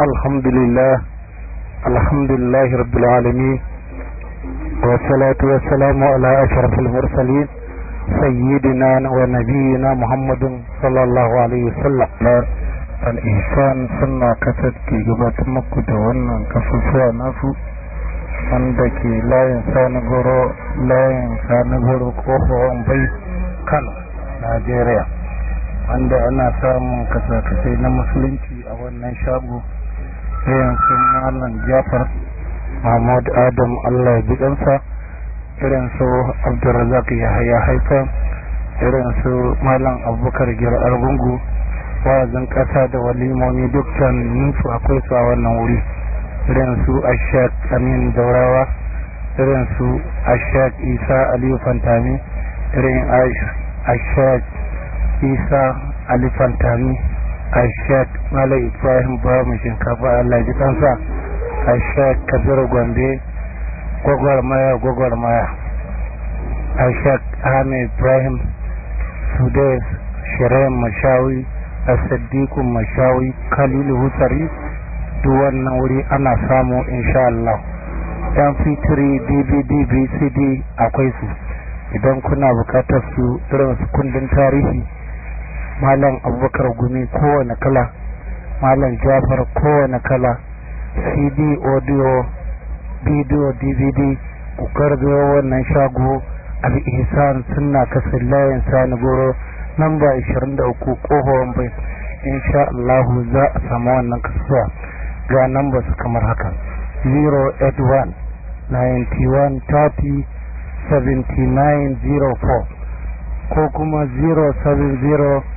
الحمد لله الحمد لله رب العالمين والصلاة والسلام على أشرف المرسلين سيدنا ونبينا محمد صلى الله عليه وسلم al'isan suna kasar ke gabatar muku da wannan kasusuwa nasu wanda ke layin sani goro layin sani goro kofar bai kano nigeria wanda ana samun kasa na musulunci a wannan shago sayan sun malam jafar mahmud adam allah ya bidansa irin su abdulrazak haya haifa irin su malam abubakar girar argungu wa'azin kasa da walimomi dukkan nufu akwai su a wannan wuri irin su ashak amin daurawa irin su ashak isa aliyu fantami irin ashak isa aliyu fantami ashek malam ibrahim bamu shinkafa allah ji kansa ashek kabiru gombe gwagwarmaya gwagwarmaya ashek ahmed ibrahim sudais shirin mashawi a sadiku mashawi kalilu husari duk wannan wuri ana samu insha Allah dan fitiri dvd bcd akwai su idan kuna bukatar su irin su kundin tarihi malam abubakar gumi kowane kala malam jafar kowane kala cd audio video dvd ku garzo wannan shago al'isan suna kasar layin sani goro nan ba 23 kohon bai in sha Allah za a samu wannan kasuwa ga nan ba su kamar haka 081 91 30 79 04 ko kuma 070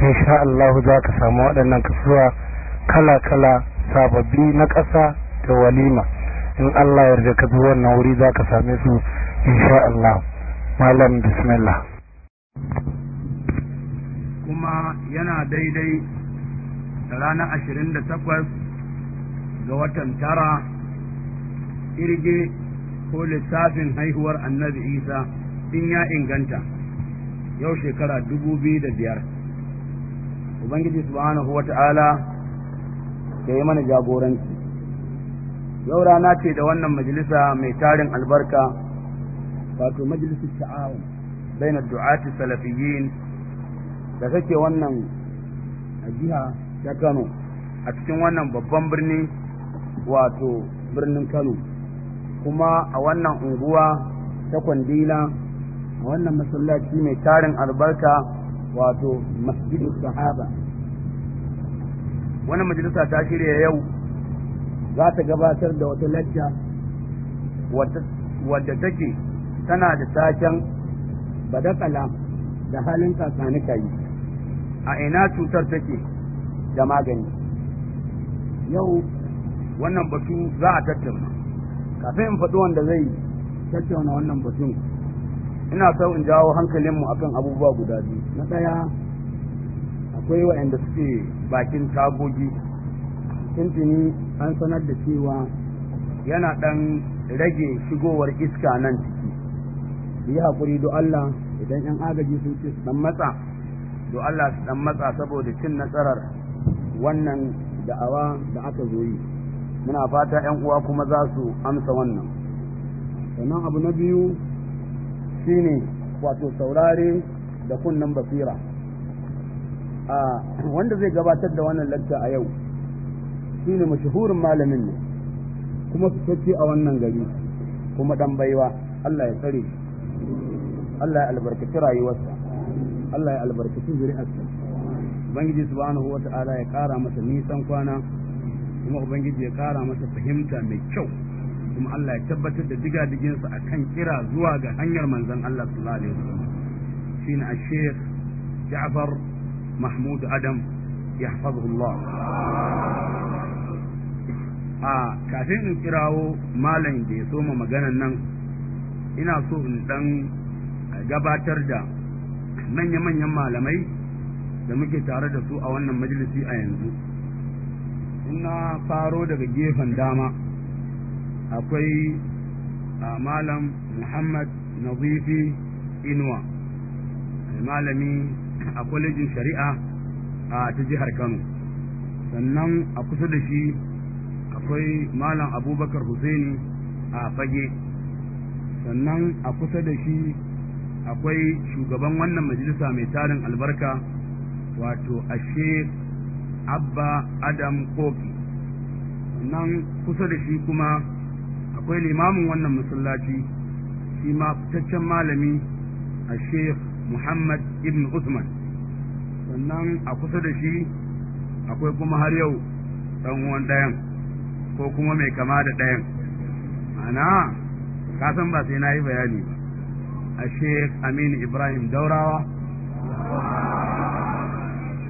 insha Allah za ka samu waɗannan kasuwa kala-kala sababbi na ƙasa da walima in Allah yarda ka zuwa wannan wuri za ka same su insha Allah malam bismillah kuma yana daidai da ranar ashirin da takwas ga watan tara irge ko lissafin haihuwar annabi isa in ya inganta yau shekara dubu biyu da biyar ubangiji subhanahu ta'ala ya yi mana jagoranci yau rana ce da wannan majalisa mai tarin albarka wato sha’awa, bai na du'ati salafiyin da kake wannan a jiha ta Kano a cikin wannan babban birni wato birnin Kano kuma a wannan unguwa ta kwandila a wannan masallaci mai tarin albarka wato masjidu sahaba wannan majalisa ta shirya yau za ta gabatar da wata lacca wadda take tana da taken badakala da halin kasani yi a ina cutar take da magani yau wannan batu za a tattauna kafin in faɗi wanda zai tattauna wannan batun ina so in jawo hankalinmu akan abubuwa guda biyu na ɗaya akwai waɗanda suke bakin tagogi tuntuni an sanar da cewa yana ɗan rage shigowar iska nan ciki yi haƙuri do Allah idan 'yan agaji sun ce su ɗan matsa do Allah su ɗan matsa saboda cin nasarar wannan da'awa da aka zo yi muna fata 'yan uwa kuma za su amsa wannan sannan abu na biyu shine wato saurare da kunnan basira a wanda zai gabatar da wannan lacca a yau shine mashahurin malamin ne kuma fitacce a wannan gari kuma dan baiwa Allah ya tsare Allah ya albarkaci rayuwarsa Allah ya albarkaci zuri'arsa Ubangiji subhanahu ta'ala ya kara masa nisan kwana kuma Ubangiji ya kara masa fahimta mai kyau kuma Allah ya tabbatar da diga diginsa akan kira zuwa ga hanyar manzon Allah sallallahu alaihi wasallam المحدثين الشيخ جعفر محمود أدم يحفظه a kafin in kirawo malamin da ya soma maganan nan ina so in ɗan gabatar da manya-manyan malamai da muke tare da su a wannan majalisi a yanzu ina faro daga gefen dama akwai a malam muhammad nazifi inuwa malami a kwalejin shari'a a ta jihar kano sannan a kusa da shi akwai malam abubakar Hussaini a fage sannan a kusa da shi akwai shugaban wannan majalisa mai tarin albarka wato ashe abba adam koki sannan kusa da shi kuma akwai limamin wannan masallaci shi ma fitaccen malami a sheikh muhammad ibn usman sannan a kusa da shi akwai kuma har yau ɗan uwan ɗayan ko kuma mai kama da ɗayan ana ka ba sai na yi bayani ba a sheikh aminu ibrahim daurawa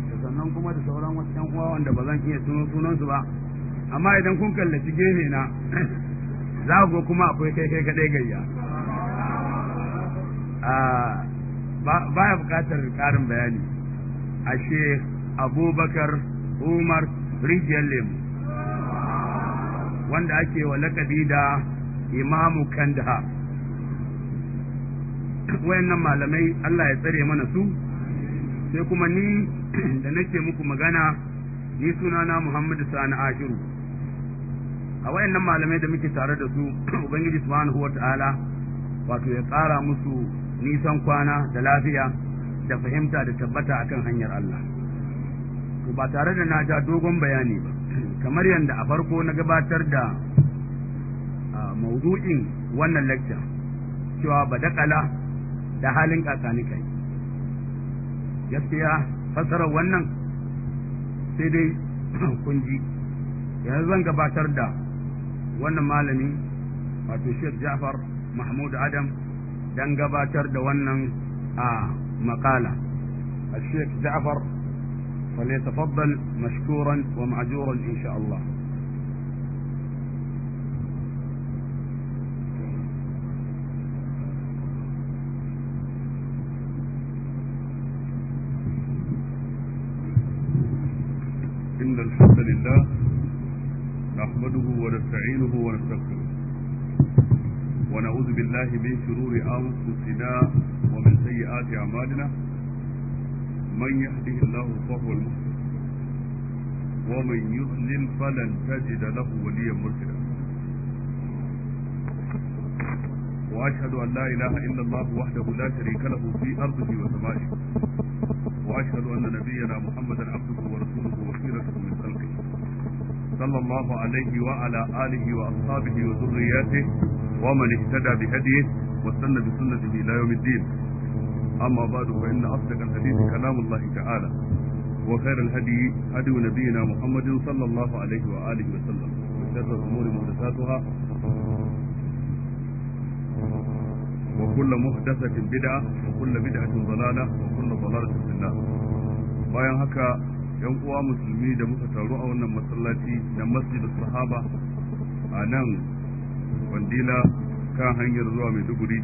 da sannan kuma da sauran wasu uwa wanda ba zan iya sunan sunansu ba amma idan kun kallaci gene na za ku kuma akwai kai kai kaɗai gayya ah, ba ya bukatar ƙarin bayani ashe abubakar umar rijiyar lemu wanda ake wa lakabi da imamu kandaha wayannan malamai Allah ya tsare mana su sai kuma ni da nake muku magana ni sunana Muhammadu Sani Ashiru a wayannan malamai da muke tare da su Ubangiji subhanahu ta'ala wato ya tsara musu nisan kwana da lafiya da fahimta da tabbata akan hanyar Allah to ba tare da na ja dogon bayani ba kamar yadda a farko na gabatar da maudu'in wannan lecture cewa ba daƙala da halin kakani kai gaskiya fasarar wannan sai dai kunji yanzu zan gabatar da wannan malami wato Sheikh Ja'far Mahmud Adam don gabatar da wannan a makala الشيخ جعفر فليتفضل مشكورا ومعجورا إن شاء الله إن الحمد لله نحمده ونستعينه ونستغفره ونعوذ بالله من شرور أنفسنا ومن سيئات أعمالنا من يهده الله فهو المهتد ومن يضلل فلن تجد له وليا مرشدا وأشهد أن لا إله إلا الله وحده لا شريك له في أرضه وسمائه وأشهد أن نبينا محمدا عبده ورسوله وخيرته من خلقه صلى الله عليه وعلى آله وأصحابه وذرياته ومن اهتدى بهديه واستنى بسنته الى يوم الدين اما بعد فان اصدق الحديث كلام الله تعالى وخير الهدي هدي نبينا محمد صلى الله عليه واله وسلم وشر الامور محدثاتها وكل محدثة بدعة وكل بدعة ضلالة وكل ضلالة في النار bayan haka yan uwa musulmi da muka taru a wannan masallaci na masjid sahaba a nan kwandila kan hanyar zuwa maiduguri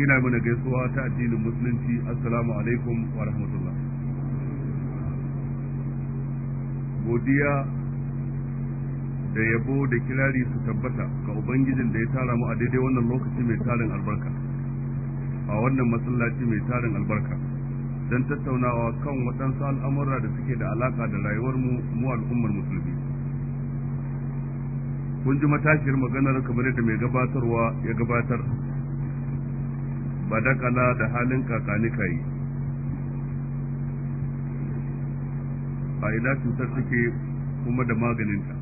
ina mana gaisuwa ta addinin musulunci assalamu alaikum wa rahmatullah godiya da yabo da kirari su tabbata ga ubangijin da ya tara mu a daidai wannan lokaci mai tarin albarka a wannan masallaci mai tarin albarka don tattaunawa kan waɗansu al'amura da suke da alaka da rayuwar mu mu al'ummar musulmi kun ji matashiyar maganar kamar yadda mai gabatarwa ya gabatar ba dakala da halin kakani kai a ina cutar suke kuma da maganinta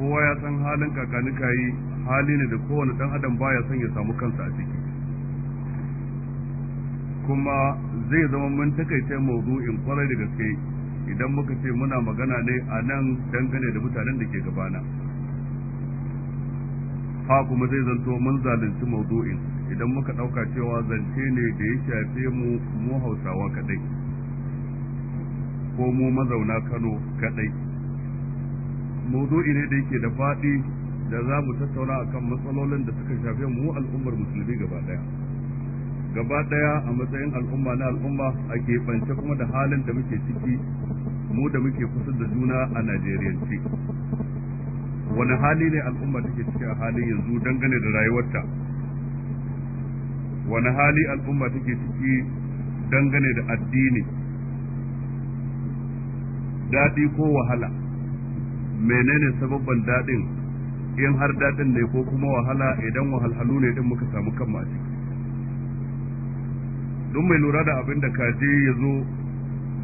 kowa ya san halin kakani kai hali ne da kowane dan adam baya son ya samu kansa a ciki kuma zai zama mun mawudu in kwarai da gaske idan muka ce muna magana ne a nan dangane da mutanen da ke gabana ha kuma zai zanto mun zalunci maudu'in idan muka ɗauka cewa zance ne da ya shafe mu mu hausawa kaɗai ko mu mazauna kano kaɗai maudu'i ne da yake da faɗi da za mu tattauna akan matsalolin da suka shafe mu al'ummar musulmi gaba ɗaya gaba daya a matsayin al'umma na al'umma a keɓance kuma da halin da muke ciki mu da muke kusa da juna a najeriyance wani hali ne al'umma take ciki a halin yanzu dangane da rayuwarta wani hali al'umma take ciki dangane da addini daɗi ko wahala menene sababban daɗin in har daɗin ne ko kuma wahala idan wahalhalu ne din muka samu kanmu a ciki duk mai lura da abin da kaje ya zo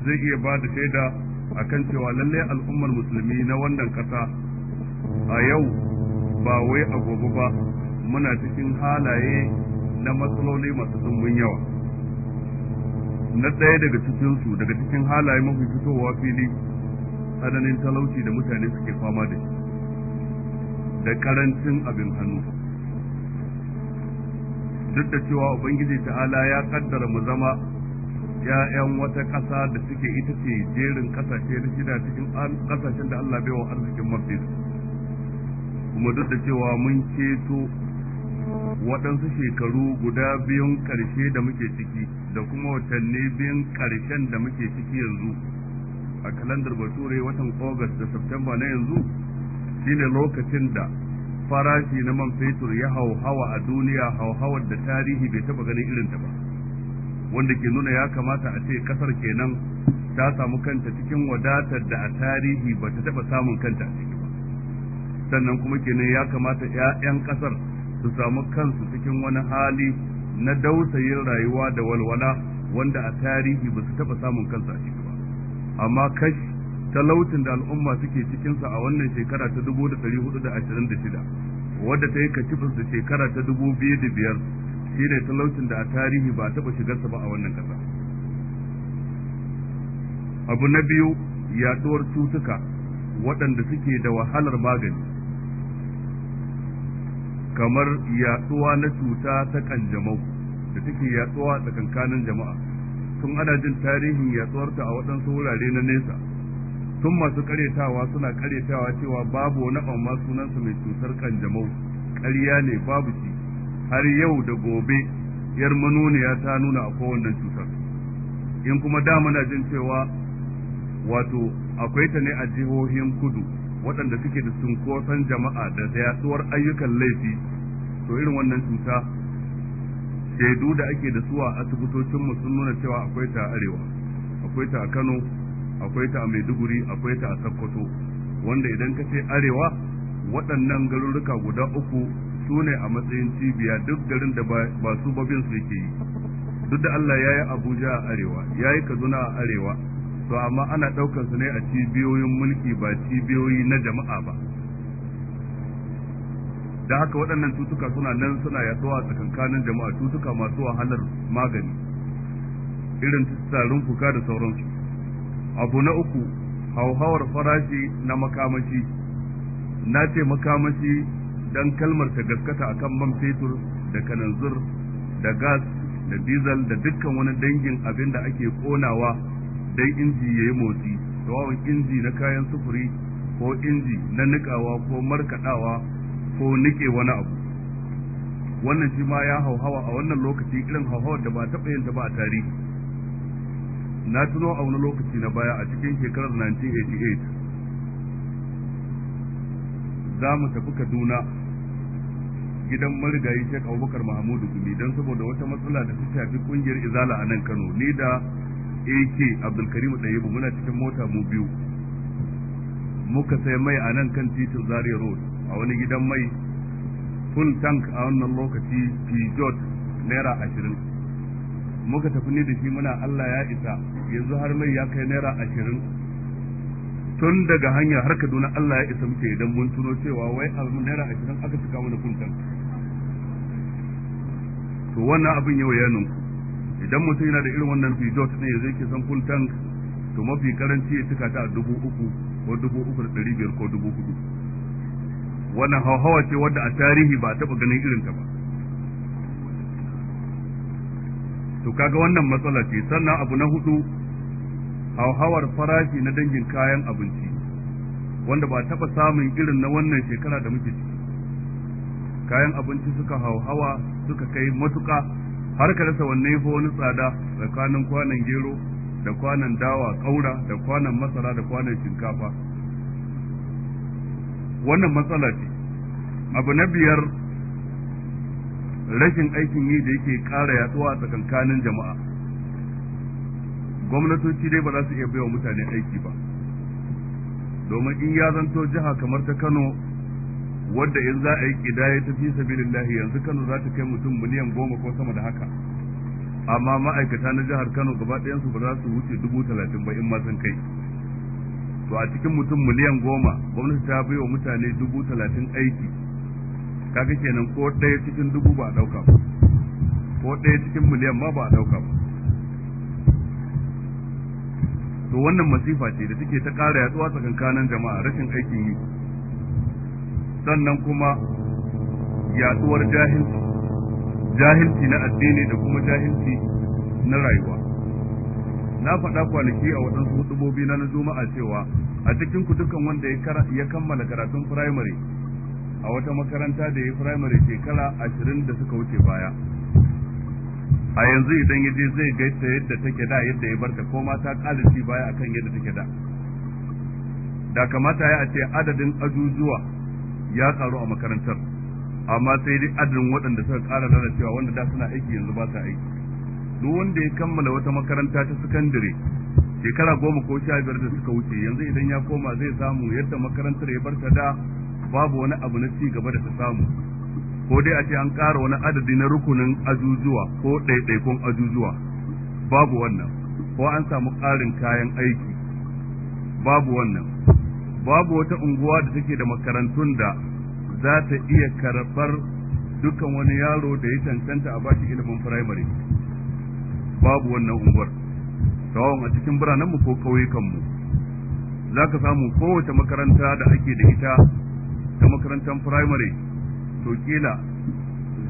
zai iya ba da shaida a kan cewa lalle al'ummar musulmi na wannan kasa a yau ba wai a gobe ba muna cikin halaye na matsaloli masu tsumbin yawa na ɗaya daga cikinsu daga cikin halaye mafi fitowa fili tsananin talauci da mutane suke fama da shi da karancin abin hannu duk da cewa ubangiji ta'ala ya kaddara mu zama ya'yan wata ƙasa da suke ita ce jerin ƙasashe na shida cikin ƙasashen da Allah bai wa arzikin mafi kuma duk da cewa mun ceto waɗansu shekaru guda biyun ƙarshe da muke ciki da kuma watanni biyun ƙarshen da muke ciki yanzu a kalandar bature watan august da september na yanzu shine lokacin da farashi na man fetur ya hauhawa a duniya hauhawar da tarihi bai taba ganin irin ta ba wanda ke nuna ya kamata a ce kasar kenan ta samu kanta cikin wadatar da a tarihi ba ta taba samun kanta a ciki ba sannan kuma kenan ya kamata 'ya'yan kasar su samu kansu cikin wani hali na dausayin rayuwa da walwala wanda a tarihi ba su taba samun kansu a ciki ba amma kashi talaucin da al'umma suke cikinsa a wannan shekara ta 1426 wadda ta yi kacifin da shekara ta 2005 shi ne talaucin da a tarihi ba taɓa shigarsa ba a wannan ƙasa abu na biyu yaɗuwar cutuka waɗanda suke da wahalar magani kamar yaɗuwa na cuta ta kanjamau da take yaɗuwa tsakankanin jama'a tun ana jin tarihin yaɗuwarta a waɗansu wurare na nesa tun masu karyatawa suna karyatawa cewa babu wani amma sunansa mai cutar kanjamau ƙarya ne babu shi har yau da gobe yar manoniya ta nuna akwai wannan cutar in kuma da muna jin cewa wato akwai ta ne a jihohin kudu waɗanda suke da cunkoson jama'a da yaduwar ayyukan laifi to irin wannan cuta shaidu da ake da su a asibitocinmu sun nuna cewa akwai ta arewa akwai ta a kano akwai ta a Maiduguri akwai ta a Sokoto wanda idan ka ce arewa waɗannan garuruka guda uku su ne a matsayin cibiya duk garin da ba su babin su yake yi duk da Allah ya yi Abuja a arewa ya yi Kaduna a arewa to amma ana ɗaukar su ne a cibiyoyin mulki ba cibiyoyi na jama'a ba da haka waɗannan cutuka suna nan suna yaɗuwa a tsakankanin jama'a cutuka masu wahalar magani irin tsarin fuka da sauransu abu na uku hauhawar farashi na makamashi na ce makamashi don kalmar ta gaskata akan man fetur da kananzir da gas da diesel da dukkan wani dangin abin da ake konawa don inji ya yi motsi tawawan inji na kayan sufuri ko inji na nikawa ko markaɗawa ko nike wani abu wannan shi ma ya hauhawa a wannan lokaci irin hauhawar da ba taɓa yin ta ba a tarihi na tuno a wani lokaci na baya a cikin shekarar 1988 za mu tafi kaduna gidan marigayi shek abubakar mahamudu gumi don saboda wata matsala da ta shafi kungiyar izala a nan kano ni da ak abdulkarimu ɗayibu muna cikin mota mu biyu muka sai mai a nan kan titin zaria road a wani gidan mai full tank a wannan lokaci peugeot naira ashirin muka tafi ni da shi muna Allah ya isa yanzu har mai ya kai naira ashirin tun daga hanya har Kaduna Allah ya isa muke idan mun tuno cewa wai abu naira ashirin aka cika mana kuntan to wannan abin yau ya nunku idan mutum yana da irin wannan fijot ne ya zai san kuntan to mafi karanci ya cika ta a dubu uku ko dubu uku da ɗari biyar ko dubu hudu wannan hauhawa ce wadda a tarihi ba a taɓa ganin irin ta ba to kaga wannan matsala ce sannan abu na hudu hauhawar farashi na dangin kayan abinci wanda ba taba samun irin na wannan shekara da muke ciki kayan abinci suka hauhawa suka kai matuka har ka rasa wanne fa wani tsada tsakanin kwanan gero da kwanan dawa kaura da kwanan masara da kwanan shinkafa wannan matsala ce abu na biyar rashin aikin yi da yake ƙara yatsuwa a tsakankanin jama'a gwamnatoci dai ba za su iya baiwa mutane aiki ba domin in ya zanto jiha kamar ta kano wadda in za a yi kidaya ta fi sabilillahi yanzu kano za ta kai mutum miliyan goma ko sama da haka amma ma'aikata na jihar kano gaba su ba za su wuce dubu talatin ba in ma sun kai to a cikin mutum miliyan goma gwamnati ta bai wa mutane dubu talatin aiki kaga kenan ko ɗaya cikin dubu ba a ɗauka ba ko ɗaya cikin miliyan ma ba a ɗauka ba to wannan masifa ce da take ta ƙara yaduwa tsakankanin jama'a rashin aikin yi sannan kuma yaduwar jahilci jahilci na addini da kuma jahilci na rayuwa na faɗa kwanaki a waɗansu hudubobi na juma'a cewa a cikin ku dukkan wanda ya kammala karatun firamare a wata makaranta da ya firamare shekara ashirin da suka wuce baya a yanzu idan ya je zai gaita yadda take da yadda ya barta ko ma ta ƙalisi baya akan yadda take da da kamata ya ce adadin ajujuwa ya karu a makarantar amma sai dai adadin waɗanda suka ƙara lalacewa wanda da suna aiki yanzu ba sa aiki duk wanda ya kammala wata makaranta ta sakandare shekara goma ko sha biyar da suka wuce yanzu idan ya koma zai samu yadda makarantar ya barta da babu wani abu na ci gaba da ta samu ko dai a ce an ƙara wani adadi na rukunin azuzuwa ko ɗaiɗaikun azuzuwa. babu wannan ko an samu ƙarin kayan aiki babu wannan babu wata unguwa da take da makarantun da za ta iya karɓar dukkan wani yaro da ya cancanta a bashi ilimin firamare babu wannan unguwar tawon a cikin biranenmu ko ƙauyukanmu za ka samu kowace makaranta da ake da ita ta makarantar firamare to kila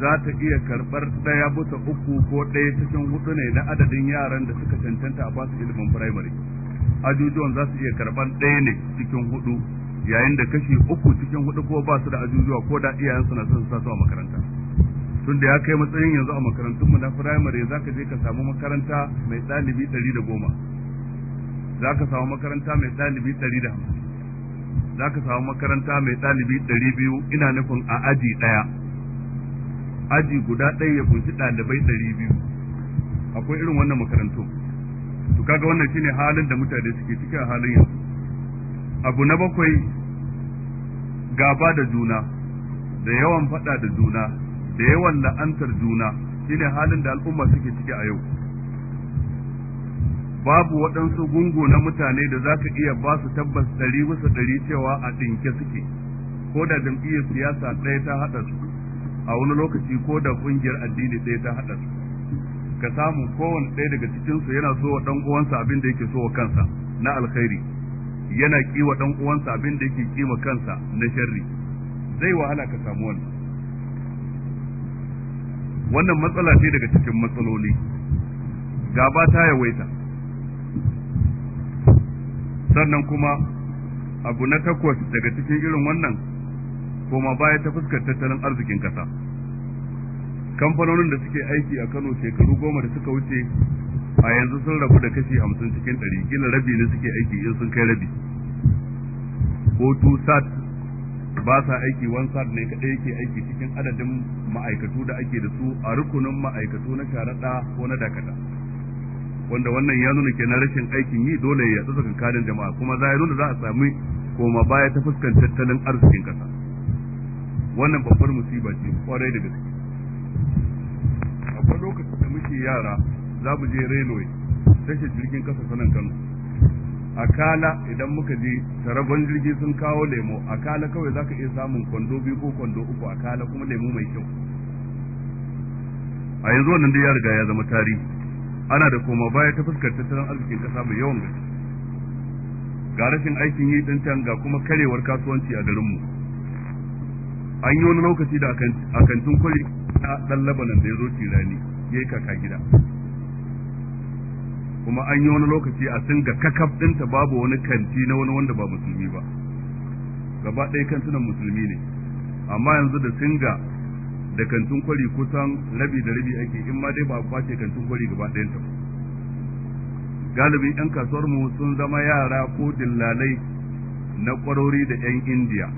za ta iya karɓar ɗaya bisa uku ko ɗaya cikin hudu ne na adadin yaran da suka cancanta a basu ilimin firamare ajujuwan za su iya karɓar ɗaya ne cikin hudu yayin da kashi uku cikin hudu ko ba su da ajujuwa ko da iyayen suna son su a makaranta tun da ya kai matsayin yanzu a makarantunmu na firamare za ka je ka samu makaranta mai ɗalibi ɗari da goma za ka samu makaranta mai ɗalibi ɗari da hamsin za ka samu makaranta mai ɗalibi ɗari biyu ina nufin a aji ɗaya aji guda ɗaya ya kunshi ɗalibai ɗari biyu akwai irin wannan makarantu to kaga wannan shine halin da mutane suke ciki a halin yanzu abu na bakwai gaba da juna da yawan faɗa da juna da yawan la'antar juna shine halin da al'umma suke ciki a yau babu waɗansu gungu na mutane da za ka iya ba su tabbas ɗari wasu ɗari cewa a ɗinke suke ko da jam'iyyar siyasa ɗaya ta haɗa su a wani lokaci ko da ƙungiyar addini ɗaya ta haɗa su ka samu kowane ɗaya daga cikinsu yana so wa ɗan uwansa abin da yake so wa kansa na alkhairi yana ƙi wa ɗan uwansa abin da yake ƙi kansa na sharri zai wahala ka samu wannan wannan matsala ce daga cikin matsaloli gaba ta yawaita sannan kuma abu na takwas daga cikin irin wannan koma baya ta fuskar tattalin arzikin kasa kamfanonin da suke aiki a kano shekaru goma da suka wuce a yanzu sun rabu da kashi hamsin cikin ɗari gina rabi ne suke aiki in sun kai rabi ko tu sat ba sa aiki one sat ne kaɗai yake aiki cikin adadin ma'aikatu da ake da su a rukunin ma'aikatu na sharaɗa ko na dakata wanda wannan ya nuna kenan rashin aikin yi dole ya tsasa kankanin jama'a kuma za ya nuna za a sami koma baya ta fuskan tattalin arzikin kasa wannan babbar musiba ce kwarai da gaske akwai lokacin da muke yara za mu je railway tashar jirgin kasa sanan kano a kala idan muka je taragon jirgi sun kawo lemo a kala kawai za ka iya samun kwando biyu ko kwando uku a kala kuma lemo mai kyau a yanzu wannan dai ya riga ya zama tarihi ana da koma baya ta fuskar tattalin arzikin kasa mai yawan gaske ga rashin aikin yi ɗin can ga kuma karewar kasuwanci a garinmu an yi wani lokaci da a kantin kwari na ɗan labanan da ya zo tirani ya yi kaka gida kuma an yi wani lokaci a sun ga kakaf ɗinta babu wani kanti na wani wanda ba musulmi ba gaba ɗaya kantunan musulmi ne amma yanzu da sun ga da kantin kwari kusan rabi da rabi ake in ma dai ba a kwace kantin kwari gaba ɗayan ta Galibi, 'yan kasuwar mu sun zama yara ko dillalai na kwarori da 'yan indiya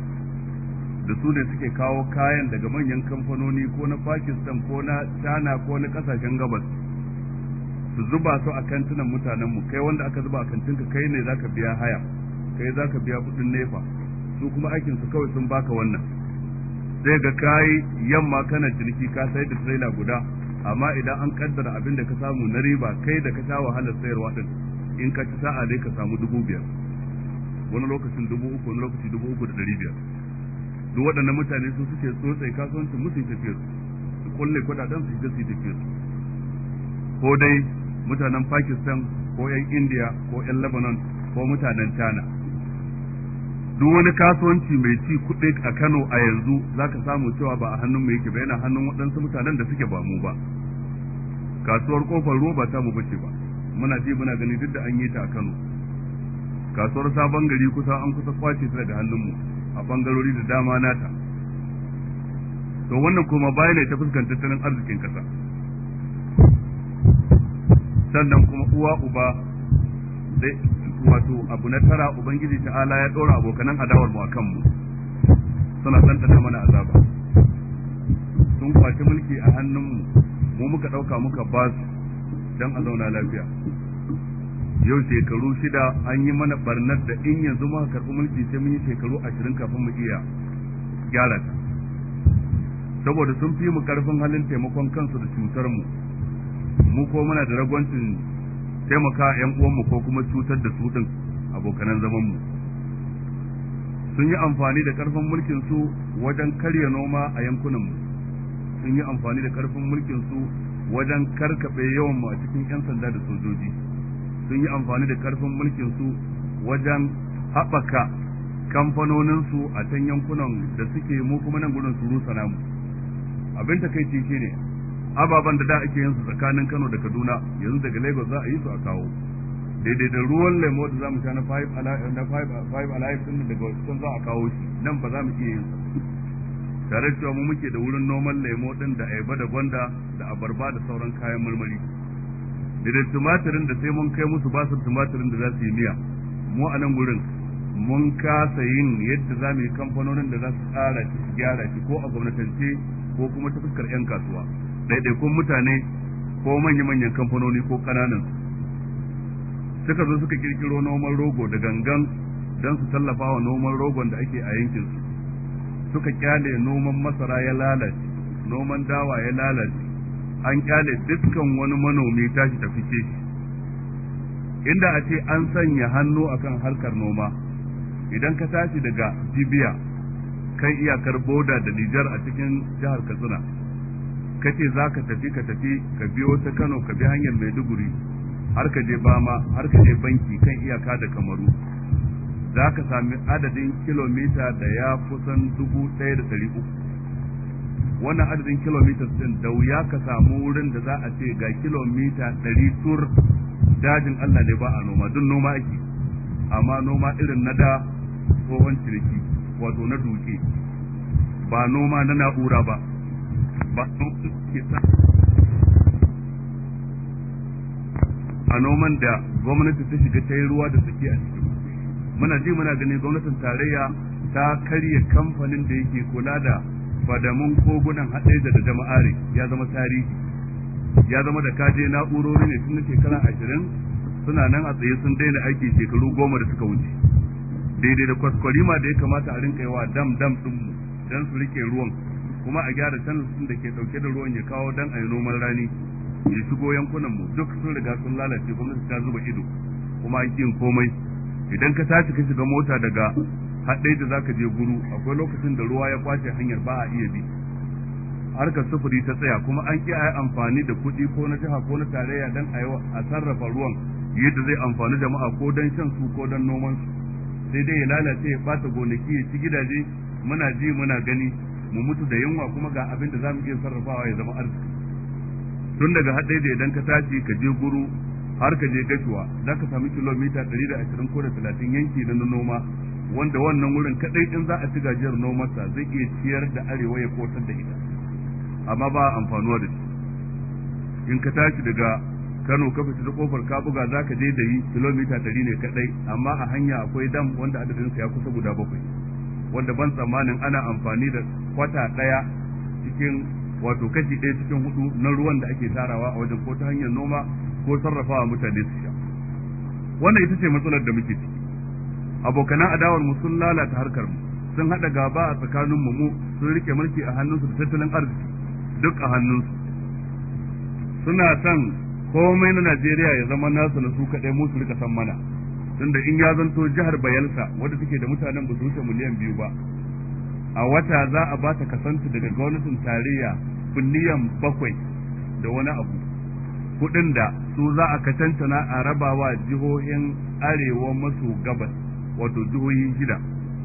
da su ne suke kawo kayan daga manyan kamfanoni ko na pakistan ko na china ko na kasashen gabas su zuba su a kantunan mutanen mu kai wanda aka zuba a kantinka kai ne zaka biya haya kai zaka biya kudin nefa su kuma aikinsu kawai sun baka wannan sai ga kayi yamma kana ciniki ka sai da trailer guda amma idan an kaddara abin da ka samu na riba kai da ka sha wahalar sayarwa din in ka ci sa'a dai ka samu dubu biyar wani lokacin dubu uku wani lokaci dubu uku da dari biyar duk waɗannan mutane su suke tsotsai kasuwancin musu yi tafiyar su kulle kudaden su shiga su yi tafiyar su ko dai mutanen pakistan ko yan india ko yan lebanon ko mutanen china duk wani kasuwanci mai ci kuɗi a Kano a yanzu za ka samu cewa ba a hannun mai yake ba yana hannun waɗansu mutanen da suke ba mu ba kasuwar kofar ruwa ba ta mu bace ba muna ji muna gani duk da an yi ta a Kano kasuwar sabon gari kusa an kusa kwace ta daga hannun mu a bangarori da dama nata to wannan kuma baya ne ta fuskan tattalin arzikin kasa sannan kuma uwa uba wato abu na tara ubangiji ta ala ya dora abokanan adawar mu akan mu suna tantance mana azaba sun kwaci mulki a hannun mu muka ɗauka muka ba su dan a zauna lafiya yau shekaru shida an yi mana barnar da in yanzu muka karɓi mulki sai mun yi shekaru ashirin kafin mu iya gyara ta saboda sun fi mu karfin halin taimakon kansu da cutar mu mu ko muna da ragwancin taimaka yan uwanmu ko kuma cutar da su din abokanan zaman mu sun yi amfani da karfin mulkin su wajen karya noma a yankunan mu sun yi amfani da karfin mulkin su wajen karkabe yawan mu a cikin yan sanda da sojoji sun yi amfani da karfin mulkin su wajen haɓaka kamfanonin su a can yankunan da suke mu kuma nan gudun su rusa namu abin takaici shine ababen da da ake yin su tsakanin Kano da Kaduna yanzu daga Lagos za a yi su a kawo daidai da ruwan lemo da zamu sha na 5 alive na 5 five alive din daga can za a kawo shi nan ba za mu iya yin su. tare da cewa mu muke da wurin noman lemo din da ayaba da gwanda da abarba da sauran kayan marmari da tumatirin da sai mun kai musu basu tumatirin da za su yi miya mu a nan gurin mun kasa yin yadda za mu yi kamfanonin da za su tsara shi gyara shi ko a gwamnatance ko kuma ta fuskar 'yan kasuwa ɗaiɗaikun mutane ko manya-manyan kamfanoni ko ƙananan suka zo suka kirkiro noman rogo da gangan don su tallafa wa noman rogon da ake a yankin su suka kyale noman masara ya lalace noman dawa ya lalace an kyale dukkan wani manomi tashi tafi ce inda a ce an sanya hannu akan harkar noma idan ka tashi daga jibiya kan iyakar boda da nijar a cikin jihar katsina ka ce za ka tafi ka tafi ka biyo ta kano ka bi hanyar maiduguri har ka je bama har ka je banki kan iyaka da kamaru za ka sami adadin kilomita da ya kusan dubu da ɗari uku wannan adadin kilomita din da wuya ka samu wurin da za a ce ga kilomita ɗari tur dajin allah ne ba a noma duk noma ake amma noma irin na da tsohon ciriki wato na duke ba noma na na'ura ba suke a noman da gwamnati ta shiga ta yi ruwa da suke a cikin muna ji muna ganin gwamnatin tarayya ta karya kamfanin da yake kula da fadamun kogunan haɗe da jama'ari ya zama tarihi ya zama da kaje na'urori ne tun shekara ashirin suna nan a tsaye sun daina aiki shekaru goma da suka wuce daidai da kwaskwarima da ya kamata a rinka yawa dam dam mu, don su rike ruwan kuma a gyara channels da ke dauke da ruwan ya kawo dan a yi noman rani ya shigo yankunan mu duk sun riga sun lalace gwamnati ta zuba ido kuma an yin komai idan ka tashi ka shiga mota daga haɗai da za ka je guru akwai lokacin da ruwa ya kwace hanyar ba a iya bi harkar sufuri ta tsaya kuma an ki a amfani da kuɗi ko na jiha ko na tarayya dan a sarrafa ruwan yadda zai amfani jama'a ko dan shan su ko dan noman su sai dai ya lalace ya bata gonaki ya ci gidaje muna ji muna gani mu mutu da yunwa kuma ga abin da zamu iya sarrafawa ya zama arziki tun daga haɗe da idan ka tashi ka je guru har ka je gashuwa za ka sami kilomita 120 ko da 30 yanki na noma wanda wannan wurin kaɗai in za a ci gajiyar nomarsa zai iya ciyar da arewa ya kotar da ita amma ba amfanuwa da shi in ka tashi daga kano ka fita ta kofar ka buga za ka je da yi kilomita ɗari ne kaɗai, amma a hanya akwai dam wanda adadinsa ya kusa guda bakwai wanda ban tsammanin ana amfani da kwata ɗaya cikin wato kashi ɗaya cikin hudu na ruwan da ake tarawa a wajen ko ta hanyar noma ko sarrafawa mutane su sha wannan ita ce matsalar da muke ciki abokanan adawar mu sun lalata harkar mu sun haɗa gaba a tsakanin mu mu sun rike mulki a hannunsu da tattalin arziki duk a hannunsu suna son komai na Najeriya ya zama nasu na su kaɗai mu su rika san mana tunda in ya zanto jihar bayelsa wadda take da mutanen ba su wuce miliyan biyu ba a wata za a ba ta kasantu daga gwamnatin tarayya biliyan bakwai da wani abu kudin da su za a katantana a rabawa jihohin arewa maso gabas wato jihohin gida,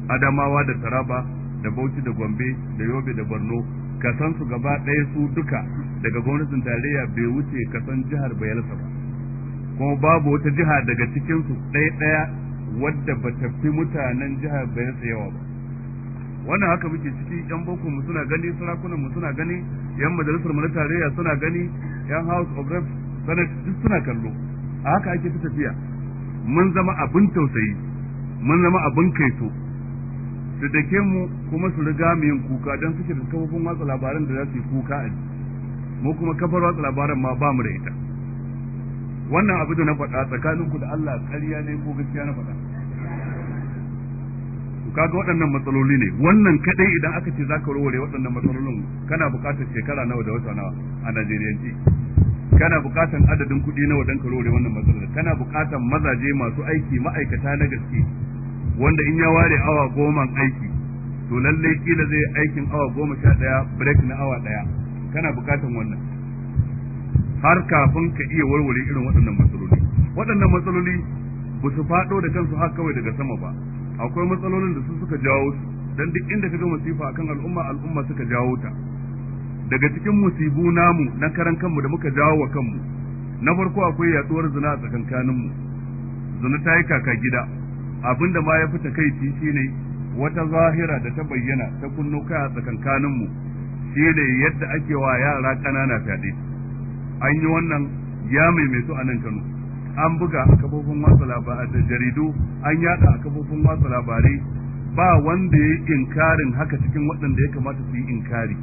adamawa da taraba da bauchi da gombe da yobe da borno kasan su gaba ɗaya su duka daga gwamnatin tarayya bai wuce kasan jihar bayelsa ba kuma babu wata jiha daga cikinsu ɗaya ɗaya wadda ba ta fi mutanen jihar bayan yawa ba wannan haka muke ciki yan boko mu suna gani sarakunan mu suna gani yan majalisar mu na tarayya suna gani yan house of reps sana duk suna kallo a haka ake ta tafiya mun zama abin tausayi mun zama abin kaito su dake mu kuma su riga mu yin kuka don suke da kafofin watsa labaran da za su yi kuka a mu kuma kafar watsa labaran ma ba mu da ita wannan abu da na faɗa tsakaninku da Allah ƙarya ne ko gaskiya na faɗa kaga waɗannan matsaloli ne wannan kadai idan aka ce zaka warware waɗannan matsalolin kana buƙatar shekara nawa da wata nawa a Najeriyanci kana buƙatar adadin kuɗi nawa don ka warware wannan matsalolin kana buƙatar mazaje masu aiki ma'aikata na gaske wanda in ya ware awa goma aiki to lallai kila zai aikin awa goma sha ɗaya break na awa ɗaya kana buƙatar wannan har kafin ka iya warware irin waɗannan matsaloli waɗannan matsaloli ba su faɗo da kansu har kawai daga sama ba akwai matsalolin da su suka jawo su dan duk inda ka ga musifa akan al'umma al'umma suka jawo ta daga cikin musibu namu na karan kanmu da muka jawo wa kanmu na farko akwai yaduwar zina a tsakankanin mu zina ta yi kaka gida abinda ma ya fi takaici shine wata zahira da ta bayyana ta kunno kai a tsakankanin mu shine yadda ake wa yara ƙanana fyaɗe an yi wannan ya maimaitu a nan Kano an buga a kafofin watsa labarai da jaridu an yada a kafofin watsa labarai ba wanda ya inkarin haka cikin waɗanda ya kamata su yi inkari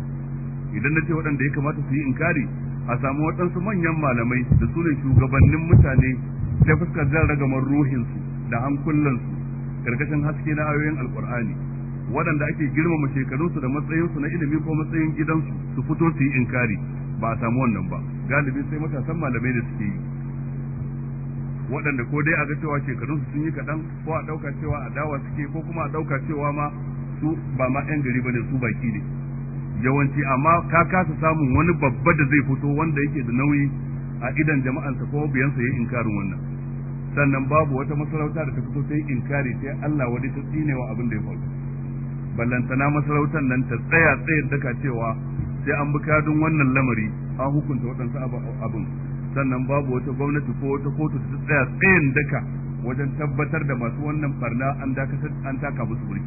idan na ce waɗanda ya kamata su yi inkari a samu waɗansu manyan malamai da su shugabannin mutane ta fuskar jan ragamar ruhinsu da hankulansu karkashin haske na ayoyin alkur'ani waɗanda ake girmama shekarunsu da matsayinsu na ilimi ko matsayin gidansu su fito su yi inkari ba a samu wannan ba galibi sai matasan malamai da suke yi waɗanda ko dai a ga cewa shekarunsu sun yi kaɗan ko a ɗauka cewa a dawa suke ko kuma a ɗauka cewa ma su ba ma 'yan gari ba ne su baki ne yawanci amma ka kasa samun wani babba da zai fito wanda yake da nauyi a idan jama'ansa ko biyansa ya inkarin wannan sannan babu wata masarauta da ta fito ta yi inkari sai Allah wani ta tsinewa abin da ya faru ballantana masarautar nan ta tsaya tsayin daka cewa sai an bi don wannan lamari an hukunta waɗansu abin sannan babu wata gwamnati ko wata kotu ta tsaya tsayin daka wajen tabbatar da masu wannan barna an dakatar an taka musu burki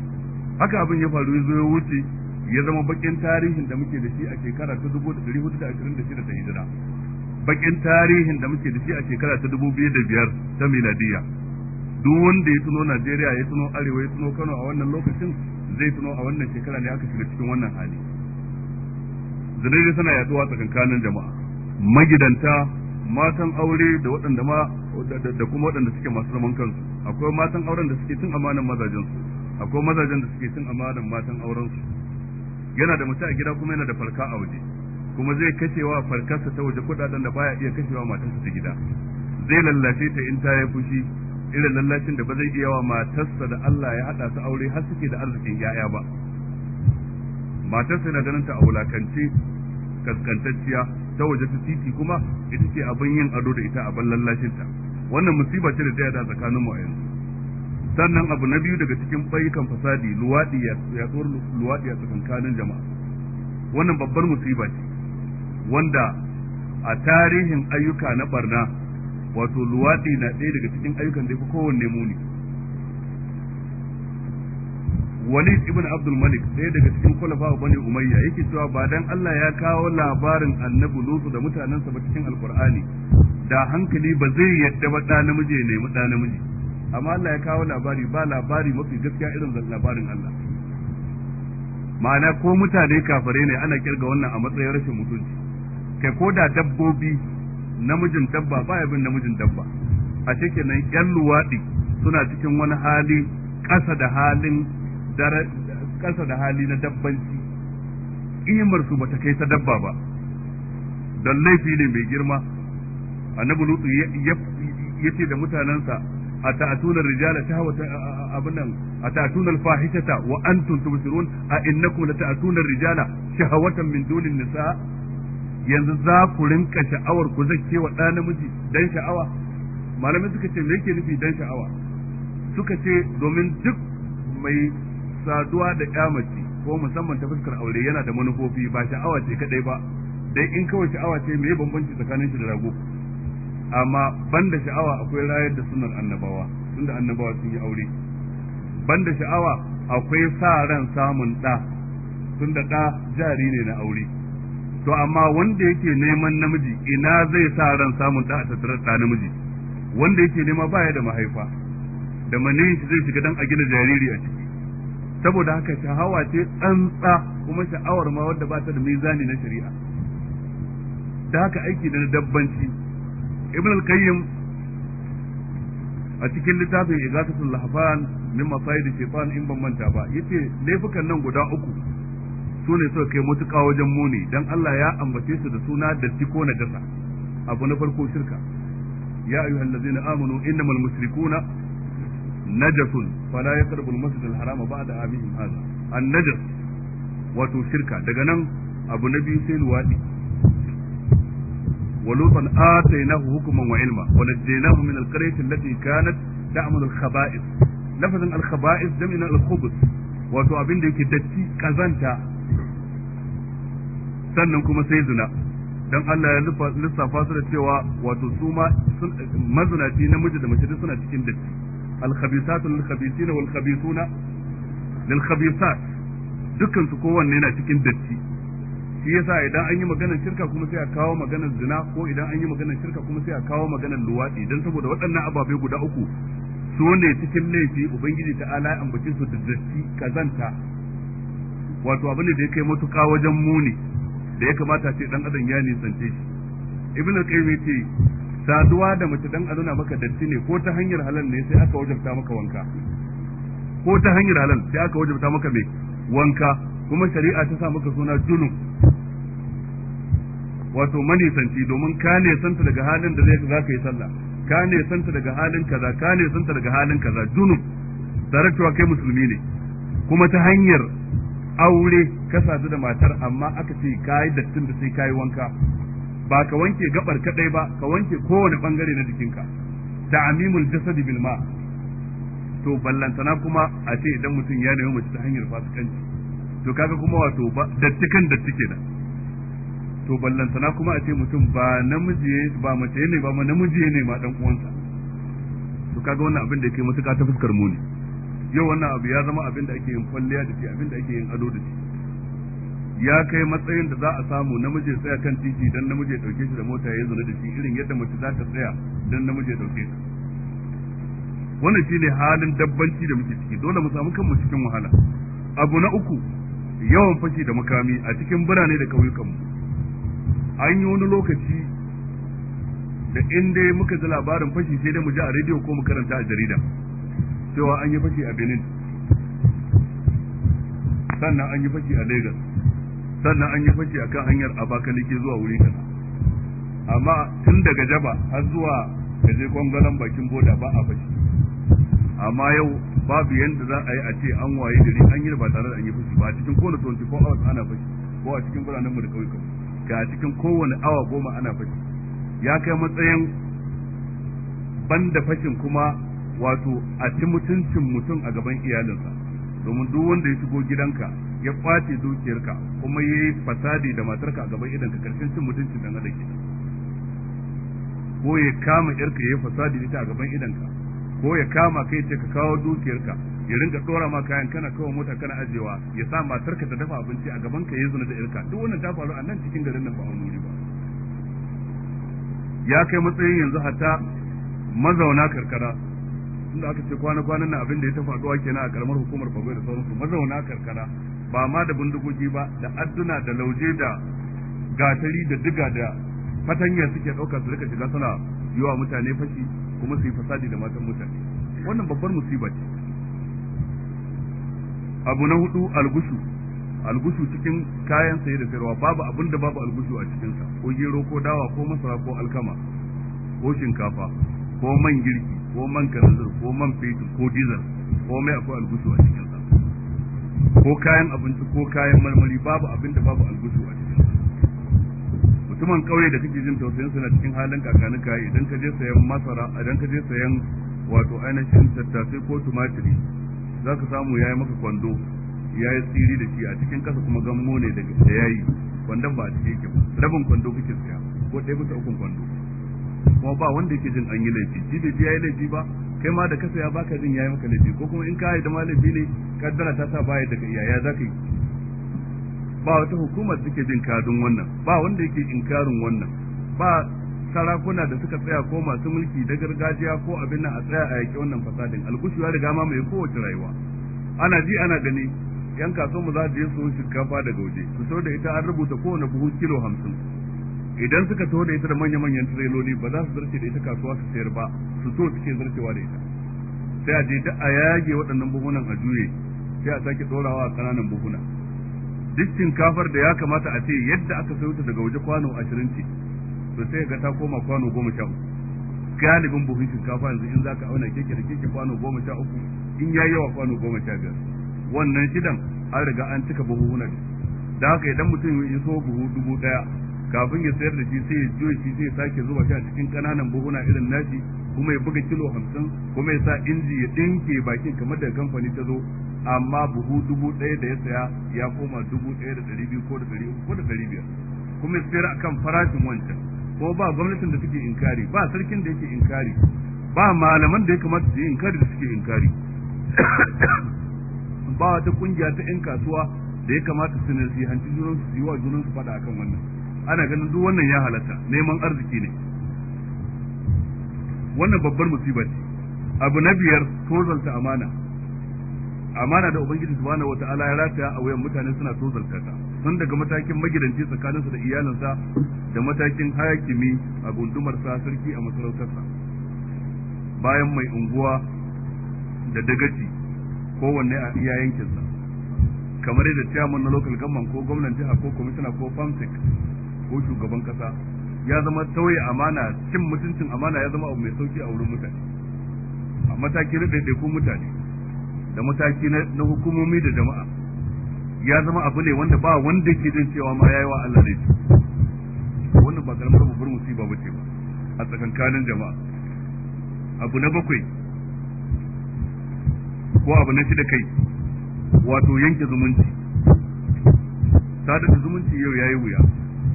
haka abin ya faru ya zo ya wuce ya zama bakin tarihin da muke da shi a shekara ta 1426 ta hijira bakin tarihin da muke da shi a shekara ta 2005 ta miladiya duk wanda ya tuno Najeriya ya tuno Arewa ya tuno Kano a wannan lokacin zai tuno a wannan shekara ne aka shiga cikin wannan hali zanayi suna yaduwa tsakankanin jama'a magidanta matan aure da waɗanda ma da kuma waɗanda suke masu zaman kansu akwai matan auren da suke cin amanan mazajen su akwai mazajen da suke cin amanan matan auren su yana da mace a gida kuma yana da farka a waje kuma zai kashewa farkarsa ta waje kuɗaɗen da baya iya kashewa matarsa ta gida zai lallace ta in ta yi fushi irin lallacin da ba zai iya wa matarsa da Allah ya haɗa su aure har suke da arzikin 'ya'ya ba matarsa na ganin ta a wulakance kaskantacciya ta waje ta titi kuma ita ce abin yin ado da ita a ballan lashinta wannan musiba ce da ta yada tsakanin mu a yanzu sannan abu na biyu daga cikin bayyukan fasadi luwadi ya tsohon luwadi a tsakankanin jama'a wannan babbar musiba ce wanda a tarihin ayyuka na barna wato luwadi na ɗaya daga cikin ayyukan da ya fi kowanne muni walid ibn abdul malik ɗaya daga cikin kwalafa bani umayya yake cewa ba dan Allah ya kawo labarin annabi lutu da mutanensa ba cikin alqur'ani da hankali ba zai yadda ba da namiji ne mu da namiji amma Allah ya kawo labari ba labari mafi gaskiya irin labarin Allah ma'ana ko mutane kafare ne ana kirga wannan a matsayin rashin mutunci kai ko da dabbobi namijin dabba ba ya bin namijin dabba a cikin nan yan luwaɗi suna cikin wani hali kasa da halin ƙasa da hali na dabbanci kimar su bata kai ta dabba ba don laifi ne mai girma annabi lutu ya ce da mutanensa a ta'atunar rijala ta hawa abin nan a ta'atunar fahishata wa antum tubsirun a innakum la ta'atunar rijala shahawatan min dunin nisa yanzu za ku rinka sha'awar ku zakke wa ɗa namiji dan sha'awa malamai suka ce me yake nufi dan sha'awa suka ce domin duk mai saduwa da ya mace ko musamman ta fuskar aure yana da manufofi ba sha'awa ce kadai ba dai in kawai sha'awa ce me bambanci tsakanin shi da rago amma banda sha'awa akwai rayar da sunan annabawa tunda annabawa sun yi aure banda sha'awa akwai sa ran samun da tunda da jari ne na aure to amma wanda yake neman namiji ina zai sa ran samun da a tattare da namiji wanda yake nema baya da mahaifa da manin shi zai shiga dan a gina jariri a ciki saboda haka shahawa ce tsantsa kuma sha'awar ma wadda ba ta da mizani na shari'a da haka aiki da dabbanci ibn al-qayyim a cikin littafin igatatul lahfan min masaid shaytan in ban manta ba yace laifukan nan guda uku su ne suka kai mutuka wajen muni dan Allah ya ambace su da suna da tiko na dasa abu na farko shirka ya ayyuhallazina amanu innamal mushrikuna نجس فلا يقرب المسجد الحرام al-harama هذا النجس an wato shirka daga nan abu na biyu sai luwadi ولوطا آتيناه حكما وعلما ونجيناه من القرية التي كانت تعمل الخبائث لفظ الخبائث جمعنا الخبث wato abin da yake datti kazanta sannan kuma sai zina dan Allah ya lissafa su da cewa wato su ma na miji da mace suna cikin datti الخبيثات للخبيثين والخبيثون للخبيثات wal su kowanne na cikin datti shi yasa idan an yi maganar shirka kuma sai a kawo maganar zina ko idan an yi maganar shirka kuma sai a kawo maganar luwaɗi dan saboda waɗannan ababe guda uku su ne cikin laifi ubangiji ta ala ambace su da datti kazanta wato abin da ya kai matuƙa wajen muni da ya kamata ce dan adam ya nisance shi ibn al-qayyim ce. saduwa da mace dan a nuna maka datti ne ko ta hanyar halal ne sai aka wajabta maka wanka ko ta hanyar halal sai aka wajabta maka mai wanka kuma shari'a ta sa maka suna junub wato manisanci domin ka ne santa daga halin da zai zaka yi sallah ka ne santa daga halin kaza ka ne santa daga halin kaza junub tare kai musulmi ne kuma ta hanyar aure ka sadu da matar amma aka ce ka yi dattin da sai ka yi wanka ba ka wanke gabar kadai ba ka wanke kowane bangare na jikinka ta'mimul jasad bil ma to ballantana kuma a ce idan mutum ya nemi mace ta hanyar fasikanci to kaga kuma wato ba dattikan datti kenan to ballantana kuma a ce mutum ba namiji ba mace ne ba ma namiji ne ma dan uwansa to kaga wannan abin da yake mutuka ta fuskar ne yau wannan abu ya zama abin da ake yin kwalliya da shi abin da ake yin ado da shi ya kai matsayin da za a samu namiji tsaya kan titi dan namiji ya dauke shi da mota ya zuna da shi irin yadda mace za ta tsaya dan namiji ya dauke shi. wannan shine halin dabbanci da muke ciki dole mu samu kanmu cikin wahala abu na uku yawan fashi da makami a cikin birane da mu an yi wani lokaci da in dai muka ji labarin fashi sai dai mu ji a rediyo ko mu karanta a jarida cewa an yi fashi a Benin sannan an yi fashi a Lagos sannan an yi fashi akan hanyar abakaliki zuwa wuri kaza amma tun daga jaba har zuwa ka je bakin boda ba a fashi amma yau babu yadda za a yi a ce an waye gari an yi ba tare da an yi fashi ba a cikin kowane 24 hours ana fashi ko a cikin biranen mu da kauyuka ga a cikin kowane awa goma ana fashi ya kai matsayin banda fashin kuma wato a ci mutuncin mutum a gaban iyalinsa domin duk wanda ya shigo gidanka ya kwace dukiyarka kuma ya yi fasadi da matarka a gaban idanka karshen cin mutuncin dan adam ko ya kama yarka ya yi fasadi da ita a gaban idanka ko ya kama kai ce ka kawo dukiyarka ya ringa dora ma kayan kana kawo mota kana ajewa ya sa matarka ta dafa abinci a gaban ka ya zuna da yarka duk wannan ta faru a nan cikin garin nan ba a ba ya kai matsayin yanzu hatta mazauna karkara tunda aka ce kwana kwanan na abin da ya ta faduwa kenan a karamar hukumar Bagai da sauransu mazauna karkara ba ma da bindigogi ba da adduna da lauje da gatari da diga da fatanya suke ɗauka su rika shiga suna yi wa mutane fashi kuma su yi fasadi da matan mutane wannan babbar musiba ce abu na hudu algushu algushu cikin kayan saye da sayarwa babu abin da babu algushu a cikinsa ko gero ko dawa ko masara ko alkama ko shinkafa ko man girki ko man kanazir ko man fetur ko dizal ko mai akwai algusu a cikin sa ko kayan abinci ko kayan marmari babu abin da babu algusu a cikin sa mutumin kauye da kake jin tausayin sa na cikin halin kakanuka idan ka je sayan masara idan ka je sayan wato ainihin tattasai ko tumatiri za ka samu ya yi maka kwando ya yi tsiri da shi a cikin kasa kuma gammo ne da ya yi, kwandon ba a cikin yake ba rabin kwando kake siya ko ɗaya bisa ukun kwando kuma ba wanda yake jin an yi laifi shi bai biya laifi ba kai ma da ka saya baka jin yayi maka laifi ko kuma in ka yi da ma laifi ne kaddara ta sa baya daga iyaya ka yi ba wata hukumar suke jin kadun wannan ba wanda yake inkarin wannan ba sarakuna da suka tsaya ko masu mulki da gargajiya ko abin nan a tsaya a yaƙi wannan fasadin alkushuwa riga ma mai kowace rayuwa ana ji ana gani yan kaso mu za su yi su shinkafa daga waje su so da ita an rubuta kowane buhu kilo hamsin idan suka taho da ita da manya-manyan tireloli ba za su zarce da ita kasuwa su sayar ba su so suke zarcewa da ita sai a jita a yage waɗannan buhunan a juye sai a sake ɗorawa a ƙananan buhuna duk shinkafar da ya kamata a ce yadda aka sayo ta daga waje kwano ashirin ce to sai ga ta koma kwano goma sha uku galibin buhun shinkafa yanzu in za ka auna keke da keke kwano goma sha uku in ya yawa kwano goma sha biyar wannan shidan an riga an cika buhuhuna da haka idan mutum ya so buhu dubu ɗaya kafin ya sayar da shi sai ya juya shi sai ya sake zuba shi a cikin kananan buhuna irin nashi kuma ya buga kilo hamsin kuma ya sa inji ya ɗinke bakin kamar da kamfani ta zo amma buhu dubu ɗaya da ya saya ya koma dubu ɗaya da ɗari biyu ko da ɗari uku ko da ɗari biyar kuma ya sayar akan farashin wancan ko ba gwamnatin da suke inkari ba sarkin da yake inkari ba malaman da ya kamata su yi inkari da suke inkari ba wata kungiya ta 'yan kasuwa da ya kamata su nasihanci junan su yi wa junan su faɗa akan wannan ana ganin duk wannan ya halatta neman arziki ne wannan babbar musiba ce abu na biyar tozalta amana amana da ubangiji subhanahu wataala ya rataya a wayan mutane suna tozalta ta tun daga matakin magidanci tsakaninsa da iyalinsa da matakin hakimi a sa sarki a masarautarsa bayan mai unguwa da dagaci kowanne a iya yankinsa kamar yadda ciyaman na local government ko gwamnan jiha ko kwamishina ko famsec ko shugaban kasa ya zama tauye amana cin mutuncin amana ya zama abu mai sauki a wurin mutane a mataki na ɗaiɗaikun mutane da mataki na hukumomi da jama'a ya zama abu ne wanda ba wanda ke jin cewa ma yayi wa Allah laifi wannan ba karamar babbar musiba bace ba a tsakankanin jama'a abu na bakwai ko abu na shida kai wato yanke zumunci sadar zumunci yau yayi wuya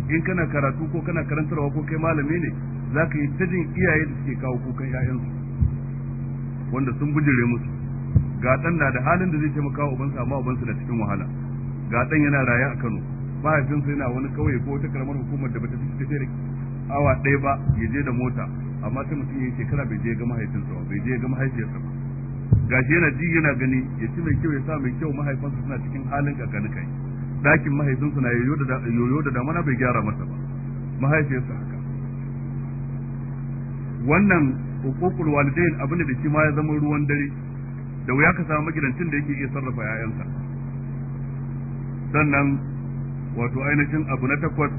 in kana karatu ko kana karantarwa ko kai malami ne za ka yi tajin iyaye da suke kawo kukan 'ya'yansu wanda sun bujire musu ga ɗan na da halin da zai taimaka wa ubansa amma ubansa na cikin wahala ga ɗan yana raya a Kano mahaifinsa yana wani kauye ko wata karamar hukumar da bata fita tafiyar awa ɗaya ba ya je da mota amma sai mutum ya shekara bai je ga mahaifinsa ba bai je ga mahaifiyarsa ba gashi yana ji yana gani ya ci mai kyau ya sa mai kyau mahaifansa suna cikin halin kakanikai dakin mahaifinsa na yoyo da damana bai gyara masa ba mahaifiyarsa haka wannan hukukul walidain abin da shi ma ya zama ruwan dare da wuya ka samu gidancin da yake iya sarrafa yayansa sannan wato ainihin abu na takwas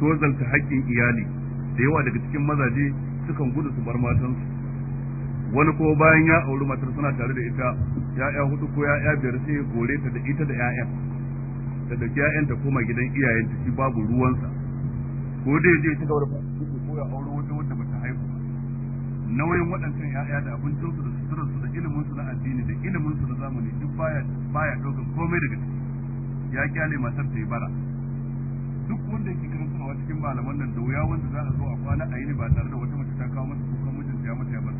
tozalta haƙƙin iyali da yawa daga cikin mazaje sukan gudu su bar matansu wani ko bayan ya auri matar suna tare da ita ya'ya hudu ko ya'ya biyar sai ya kore ta da ita da yaya da dauki ƴaƴan koma gidan iyayen shi babu ruwansa ko dai je ci gaba da ko ya aure wata wanda bata haihu nauyin waɗancan ya'ya da abincin su da suturar su da ilimin su na addini da ilimin su na zamani duk baya baya daukar komai daga ciki ya kyale matar ta yi bara duk wanda yake karantarwa cikin malaman nan da wuya wanda za a zo a kwana a yi ba tare da wata mace ta kawo masa kukan mijinta ya mata ya bar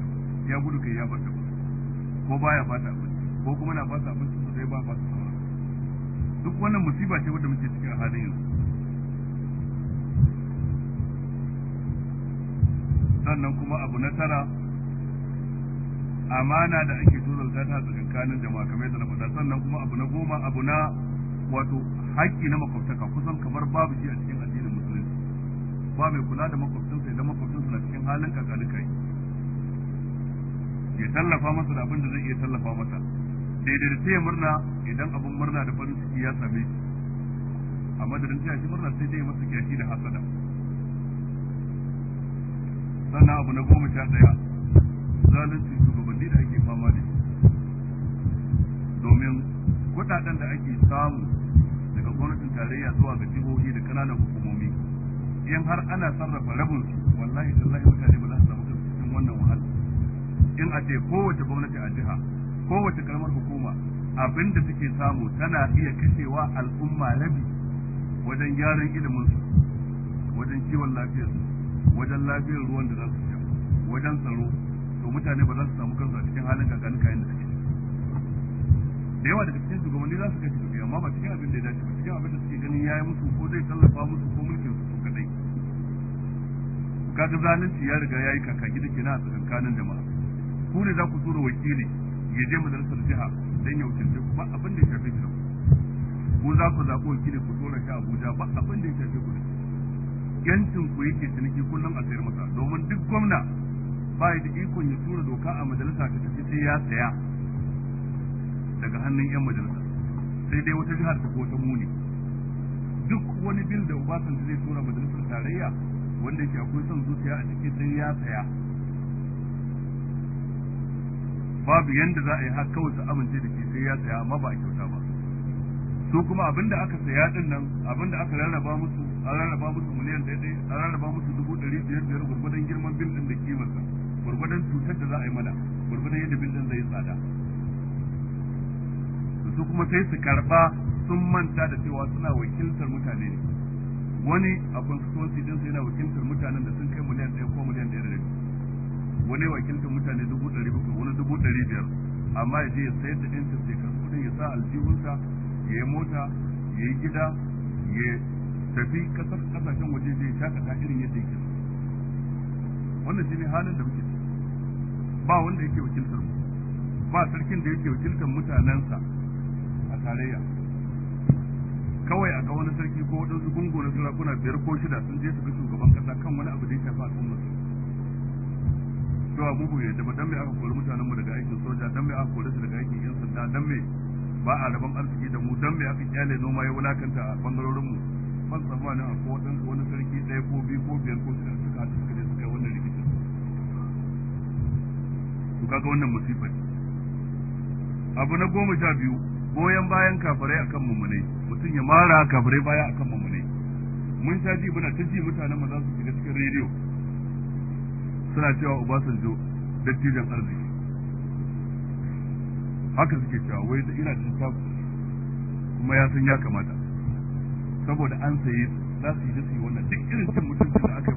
ya gudu kai ya bar ko baya ba ta abinci ko kuma na ba ta abinci sosai ba ba su duk wannan musiba ce wadda muke cikin halin yanzu sannan kuma abu na tara amana da ake tozalta ta kanin jama'a kamar yadda na faɗa sannan kuma abu na goma abu na wato haƙƙi na makwabtaka kusan kamar babu shi a cikin addinin musulunci ba mai kula da makwabcinsa idan makwabcinsa na cikin halin kakalikai ya tallafa masa da abin da zai iya tallafa masa daidai da taya murna idan abin murna da farin ciki ya same shi a madadin taya shi murna sai dai masa kyashi da hasada sannan abu na goma sha ɗaya zalunci shugabanni da ake fama da domin kuɗaɗen da ake samu daga gwamnatin tarayya zuwa ga jihohi da ƙananan hukumomi in har ana sarrafa rabin su wallahi tallahi mutane ba za su samu cikin wannan wahala in a ce kowace gwamnati a jiha kowace karamar hukuma abinda suke samu tana iya kashewa al'umma rabi wajen gyaran ilimin su wajen kiwon lafiyar su wajen lafiyar ruwan da za su sha wajen tsaro to mutane ba za su samu kansu a cikin halin gaganin kayan da suke da yawa daga cikin shugabanni za su kashe kuɗi amma ba cikin abin da ya dace ba cikin abin da suke ganin ya yi musu ko zai tallafa musu ko mulkin su su kadai kaga zalunci ya riga yi kaka gida kenan a tsakankanin jama'a ku ne za ku tura wakili ya je majalisar jiha dan ya wuce ba abin da ya shi ku za ku zaɓo wakili ku tsora shi Abuja ba abin da ya ku yancin ku yake ciniki kullum a sayar masa domin duk gwamna ba ya da ikon ya tura doka a majalisa ta tafi sai ya saya daga hannun yan majalisa sai dai wata jihar ta ko muni duk wani bil da Obasanjo zai tura majalisar tarayya wanda ke akwai son zuciya a cikin sai ya saya babu yanda za a yi har kawai su amince da ke sai ya saya amma ba a kyauta ba su kuma abinda aka saya din nan abinda aka rarraba musu an rarraba musu miliyan ɗaya ɗaya an rarraba musu dubu ɗari biyar biyar gwargwadon girman bil ɗin da kimarsa gwargwadon cutar da za a yi mana gwargwadon yadda bil ɗin zai yi tsada su kuma sai su karɓa sun manta da cewa suna wakiltar mutane ne wani a constituency din sai yana wakiltar mutanen da sun kai miliyan ɗaya ko miliyan ɗaya da rabi wani wakiltar mutane dubu ɗari bakwai wani dubu ɗari biyar amma ya je ya sayar da ɗin sai kan kuɗin ya sa aljihunsa ya yi mota ya yi gida ya tafi kasashen waje zai shakata irin yadda yake wannan ne halin da muke ba wanda yake wakiltar mu ba sarkin da yake wakiltar mutanensa a tarayya kawai a ga wani sarki ko waɗansu gungu na sarakuna biyar ko shida sun je su ga shugaban kasa kan wani abu da ya shafi al'ummar cewa mu ya yadda dan me aka kori mutanen mu daga aikin soja dan me aka kori su daga aikin yan sanda dan me ba a rabon arziki da mu dan me aka kyale noma ya wulakanta a bangarorin mu ban tsammanin ko waɗansu wani sarki ɗaya ko biyu ko biyar ko shida suka haɗu suka je suka wannan rikici to kaga wannan musibar abu na goma sha biyu goyon bayan kafirai akan mummunai mutum ya mara kafirai baya akan mummunai mun sha ji muna ta ji mutanen mu za su shiga cikin rediyo suna cewa Obasanjo dattijan arziki haka suke cewa wai da ina cin taku kuma ya san ya kamata saboda an saye su za su yi da su wannan duk irin cin mutuncin da aka